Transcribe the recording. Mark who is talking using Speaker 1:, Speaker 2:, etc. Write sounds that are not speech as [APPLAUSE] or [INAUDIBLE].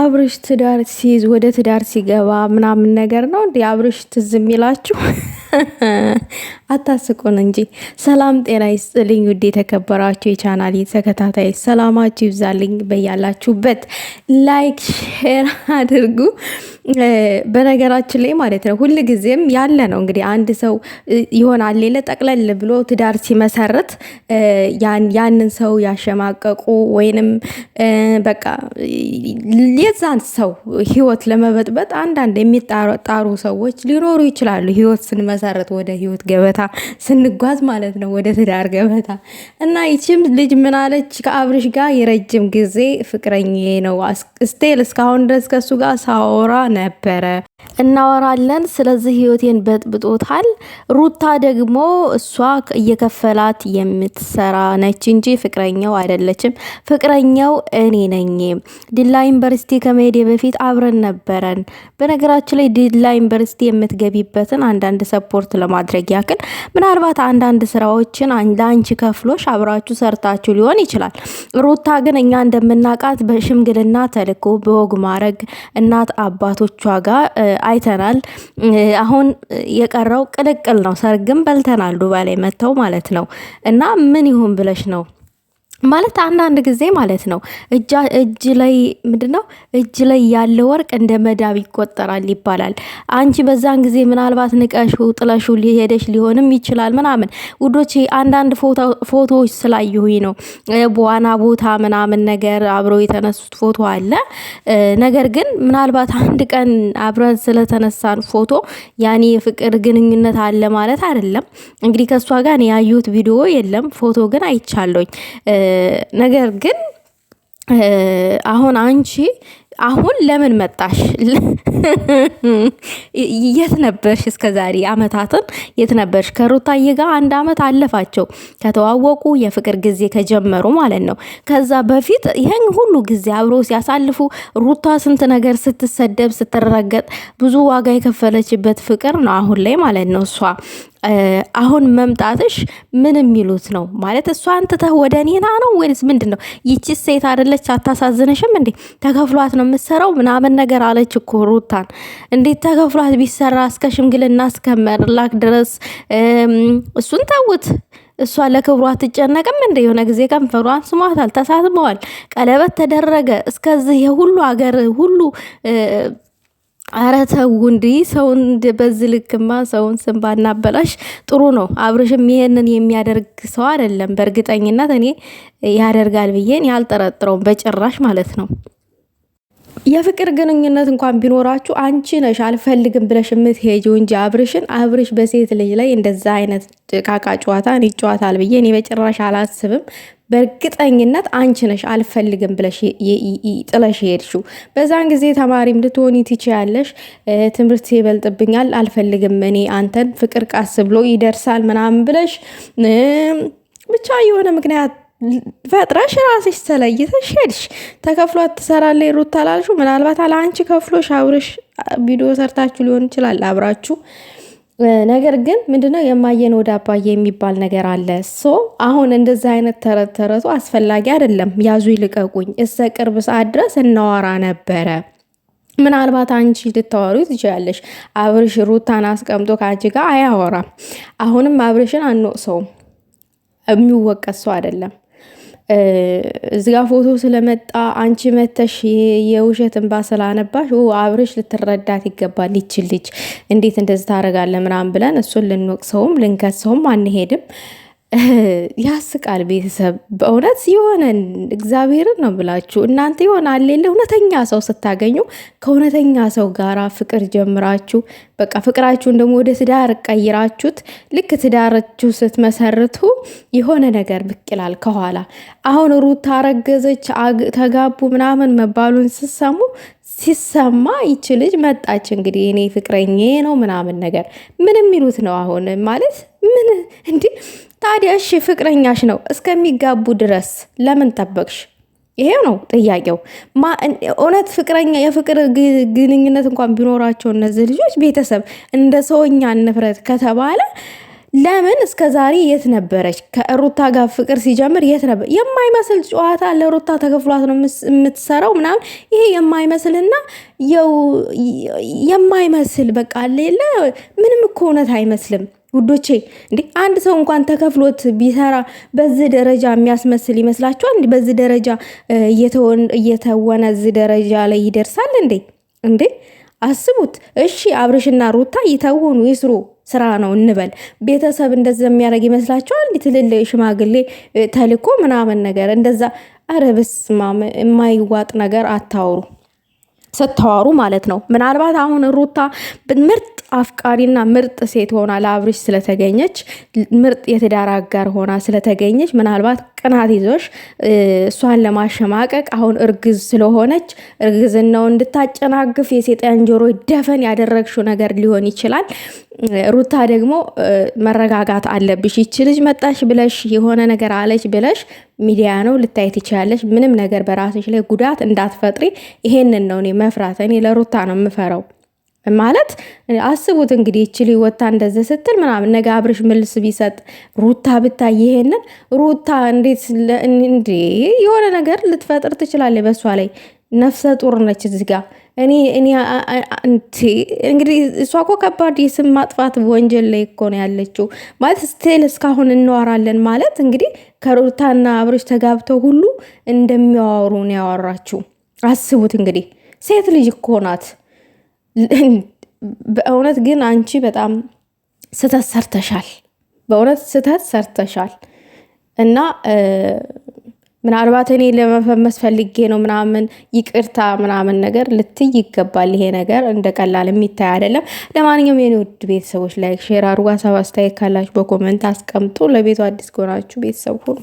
Speaker 1: አብርሽ ትዳር ሲይዝ ወደ ትዳር ሲገባ ምናምን ነገር ነው እንዲ አብርሽ ትዝ የሚላችሁ [LAUGHS] አታስቁን እንጂ። ሰላም ጤና ይስጥልኝ ውድ የተከበራችሁ የቻናል ተከታታይ ሰላማችሁ ይብዛልኝ። በያላችሁበት ላይክ ሼር አድርጉ። በነገራችን ላይ ማለት ነው ሁል ጊዜም ያለ ነው እንግዲህ አንድ ሰው ይሆናል ሌለ ጠቅለል ብሎ ትዳር ሲመሰረት ያንን ሰው ያሸማቀቁ ወይንም በቃ የዛን ሰው ህይወት ለመበጥበጥ አንዳንድ የሚጣሩ ሰዎች ሊኖሩ ይችላሉ። ህይወት ስንመሰረት ወደ ህይወት ገበታ ስንጓዝ ማለት ነው ወደ ትዳር ገበታ እና ይችም ልጅ ምናለች ከአብርሽ ጋር የረጅም ጊዜ ፍቅረኛ ነው ስቴል እስካሁን ድረስ ከሱ ጋር ሳወራ ነበረ። እናወራለን ስለዚህ ህይወቴን በጥብጦታል። ሩታ ደግሞ እሷ እየከፈላት የምትሰራ ነች እንጂ ፍቅረኛው አይደለችም። ፍቅረኛው እኔ ነኝ። ዲላ ዩኒቨርሲቲ ከመሄድ በፊት አብረን ነበረን። በነገራችን ላይ ዲላ ዩኒቨርሲቲ የምትገቢበትን አንዳንድ ሰፖርት ለማድረግ ያክል ምናልባት አንዳንድ ስራዎችን ለአንቺ ከፍሎሽ አብራችሁ ሰርታችሁ ሊሆን ይችላል። ሩታ ግን እኛ እንደምናውቃት በሽምግልና ተልኮ በወግ ማድረግ እናት አባቶቿ ጋር አይተናል። አሁን የቀረው ቅልቅል ነው። ሰርግም በልተናል ዱባይ ላይ መጥተው ማለት ነው። እና ምን ይሁን ብለሽ ነው ማለት አንዳንድ ጊዜ ማለት ነው እጃ እጅ ላይ ምንድን ነው እጅ ላይ ያለ ወርቅ እንደ መዳብ ይቆጠራል ይባላል። አንቺ በዛን ጊዜ ምናልባት ንቀሹ ጥለሹ ሊሄደሽ ሊሆንም ይችላል ምናምን። ውዶች አንዳንድ ፎቶዎች ስላየሁኝ ነው በዋና ቦታ ምናምን ነገር አብረው የተነሱት ፎቶ አለ። ነገር ግን ምናልባት አንድ ቀን አብረን ስለተነሳን ፎቶ ያኔ የፍቅር ግንኙነት አለ ማለት አይደለም። እንግዲህ ከእሷ ጋር ያዩት ቪዲዮ የለም ፎቶ ግን አይቻለኝ። ነገር ግን አሁን አንቺ አሁን ለምን መጣሽ? የት ነበርሽ? እስከ ዛሬ አመታትን የት ነበርሽ? ከሩታዬ ጋር አንድ አመት አለፋቸው ከተዋወቁ የፍቅር ጊዜ ከጀመሩ ማለት ነው። ከዛ በፊት ይህን ሁሉ ጊዜ አብሮ ሲያሳልፉ ሩታ ስንት ነገር ስትሰደብ ስትረገጥ፣ ብዙ ዋጋ የከፈለችበት ፍቅር ነው አሁን ላይ ማለት ነው። እሷ አሁን መምጣትሽ ምን የሚሉት ነው ማለት? እሷን አንትተህ ወደ እኔና ነው ወይስ ምንድን ነው? ይቺ ሴት አደለች አታሳዝንሽም እንዴ? ተከፍሏት ነው የምትሰራው ምናምን ነገር አለች እኮ ሩታን። እንዴት ተከፍሏት ቢሰራ እስከ ሽምግልና እስከ መርላክ ድረስ እሱን ተውት። እሷ ለክብሯ አትጨነቅም እንደ የሆነ ጊዜ ከንፈሯን ስሟታል፣ ተሳስመዋል፣ ቀለበት ተደረገ። እስከዚህ የሁሉ አገር ሁሉ አረ ተው እንዲ ሰውን በዚህ ልክማ ሰውን ስም ባናበላሽ ጥሩ ነው። አብርሽም ይሄንን የሚያደርግ ሰው አይደለም። በእርግጠኝነት እኔ ያደርጋል ብዬን ያልጠረጥረውም በጭራሽ ማለት ነው። የፍቅር ግንኙነት እንኳን ቢኖራችሁ አንቺ ነሽ አልፈልግም ብለሽ የምትሄጂው እንጂ አብርሽን አብርሽ በሴት ልጅ ላይ እንደዛ አይነት ጭቃቃ ጨዋታ ይጨዋታል ብዬ እኔ በጭራሽ አላስብም። በእርግጠኝነት አንቺ ነሽ አልፈልግም ብለሽ ጥለሽ ሄድሽው። በዛን ጊዜ ተማሪም ልትሆኒ ትችያለሽ። ትምህርት ይበልጥብኛል፣ አልፈልግም እኔ አንተን፣ ፍቅር ቃስ ብሎ ይደርሳል ምናምን ብለሽ ብቻ የሆነ ምክንያት ፈጥረሽ ራስሽ ተለይተሽ ሄድሽ። ተከፍሎ ትሰራለች ሩት አላልሽው? ምናልባት አለ አንቺ ከፍሎሽ አብረሽ ቪዲዮ ሰርታችሁ ሊሆን ይችላል አብራችሁ ነገር ግን ምንድነው የማየን ወደ አባዬ የሚባል ነገር አለ። ሶ አሁን እንደዚህ አይነት ተረት ተረቱ አስፈላጊ አይደለም። ያዙ ይልቀቁኝ፣ እስከ ቅርብ ሰዓት ድረስ እናወራ ነበረ። ምናልባት አንቺ ልታወሩ ትችላለሽ። አብርሽ ሩታን አስቀምጦ ከአንቺ ጋር አያወራም። አሁንም አብርሽን አንወቅሰውም፣ የሚወቀስ ሰው አይደለም። እዚጋ ፎቶ ስለመጣ አንቺ መተሽ የውሸት እንባ ስላነባሽ አብርሽ ልትረዳት ይገባል። ይች ልጅ እንዴት እንደዚህ ታደርጋለ ምናምን ብለን እሱን ልንወቅሰውም ልንከሰውም አንሄድም። [LAUGHS] ያስቃል። ቤተሰብ በእውነት የሆነ እግዚአብሔርን ነው ብላችሁ እናንተ የሆነ አሌለ እውነተኛ ሰው ስታገኙ ከእውነተኛ ሰው ጋር ፍቅር ጀምራችሁ በቃ ፍቅራችሁን ደግሞ ወደ ትዳር ቀይራችሁት ልክ ትዳራችሁ ስትመሰርቱ የሆነ ነገር ብቅ ይላል ከኋላ። አሁን ሩት አረገዘች ተጋቡ ምናምን መባሉን ስሰሙ ሲሰማ ይች ልጅ መጣች እንግዲህ እኔ ፍቅረኛ ነው ምናምን ነገር ምንም ይሉት ነው አሁን ማለት ምን እንዴ ታዲያ? እሺ ፍቅረኛሽ ነው እስከሚጋቡ ድረስ ለምን ጠበቅሽ? ይሄው ነው ጥያቄው። እውነት ፍቅረኛ የፍቅር ግንኙነት እንኳን ቢኖራቸው እነዚህ ልጆች ቤተሰብ እንደ ሰውኛ ንፍረት ከተባለ ለምን እስከ ዛሬ የት ነበረች? ከሩታ ጋር ፍቅር ሲጀምር የት ነበር? የማይመስል ጨዋታ ለሩታ ተከፍሏት ነው የምትሰራው ምናምን። ይሄ የማይመስልና የው የማይመስል በቃ ሌለ ምንም እኮ እውነት አይመስልም። ውዶቼ እንዴ አንድ ሰው እንኳን ተከፍሎት ቢሰራ በዚህ ደረጃ የሚያስመስል ይመስላችኋል? እንዲ በዚህ ደረጃ እየተወነ እዚህ ደረጃ ላይ ይደርሳል እንዴ? እንዴ አስቡት። እሺ አብርሽና ሩታ ይተውኑ ይስሩ፣ ስራ ነው እንበል። ቤተሰብ እንደዛ የሚያደርግ ይመስላችኋል? እንዲ ትልል ሽማግሌ ተልኮ ምናምን ነገር እንደዛ። ኧረ በስመ አብ የማይዋጥ ነገር አታውሩ ስታወሩ ማለት ነው። ምናልባት አሁን ሩታ ምርጥ አፍቃሪና ምርጥ ሴት ሆና ለአብርሽ ስለተገኘች ምርጥ የትዳር አጋር ሆና ስለተገኘች ምናልባት ቅናት ይዞሽ እሷን ለማሸማቀቅ አሁን እርግዝ ስለሆነች እርግዝናውን እንድታጨናግፍ የሴጣን ጆሮ ደፈን ያደረግሽው ነገር ሊሆን ይችላል። ሩታ ደግሞ መረጋጋት አለብሽ። ይች ልጅ መጣሽ ብለሽ የሆነ ነገር አለች ብለሽ ሚዲያ ነው ልታይ ትችላለሽ። ምንም ነገር በራስሽ ላይ ጉዳት እንዳትፈጥሪ። ይሄንን ነው እኔ መፍራት። እኔ ለሩታ ነው የምፈረው። ማለት አስቡት እንግዲህ ይችል ወታ እንደዚ ስትል ምናምን ነገ አብርሽ መልስ ቢሰጥ ሩታ ብታይ ይሄንን ሩታ እንዴት እንዴ የሆነ ነገር ልትፈጥር ትችላለች። በሷ ላይ ነፍሰ ጡር ነች እዚህ ጋር እኔ እኔ እንግዲህ እሷ እኮ ከባድ የስም ማጥፋት ወንጀል ላይ እኮ ነው ያለችው። ማለት ስቴል እስካሁን እንዋራለን ማለት እንግዲህ ከሩታና አብርሽ ተጋብተው ሁሉ እንደሚያወሩ ነው ያወራችው። አስቡት እንግዲህ ሴት ልጅ እኮ ናት። በእውነት ግን አንቺ በጣም ስህተት ሰርተሻል። በእውነት ስህተት ሰርተሻል እና ምናልባት እኔ ለመፈመስ ፈልጌ ነው ምናምን ይቅርታ ምናምን ነገር ልትይ ይገባል። ይሄ ነገር እንደ ቀላል የሚታይ አይደለም። ለማንኛውም የኔ ውድ ቤተሰቦች ላይክ፣ ሼር አድርጉ። ሀሳብ አስተያየት ካላችሁ በኮመንት አስቀምጡ። ለቤቱ አዲስ ከሆናችሁ ቤተሰብ ሁኑ።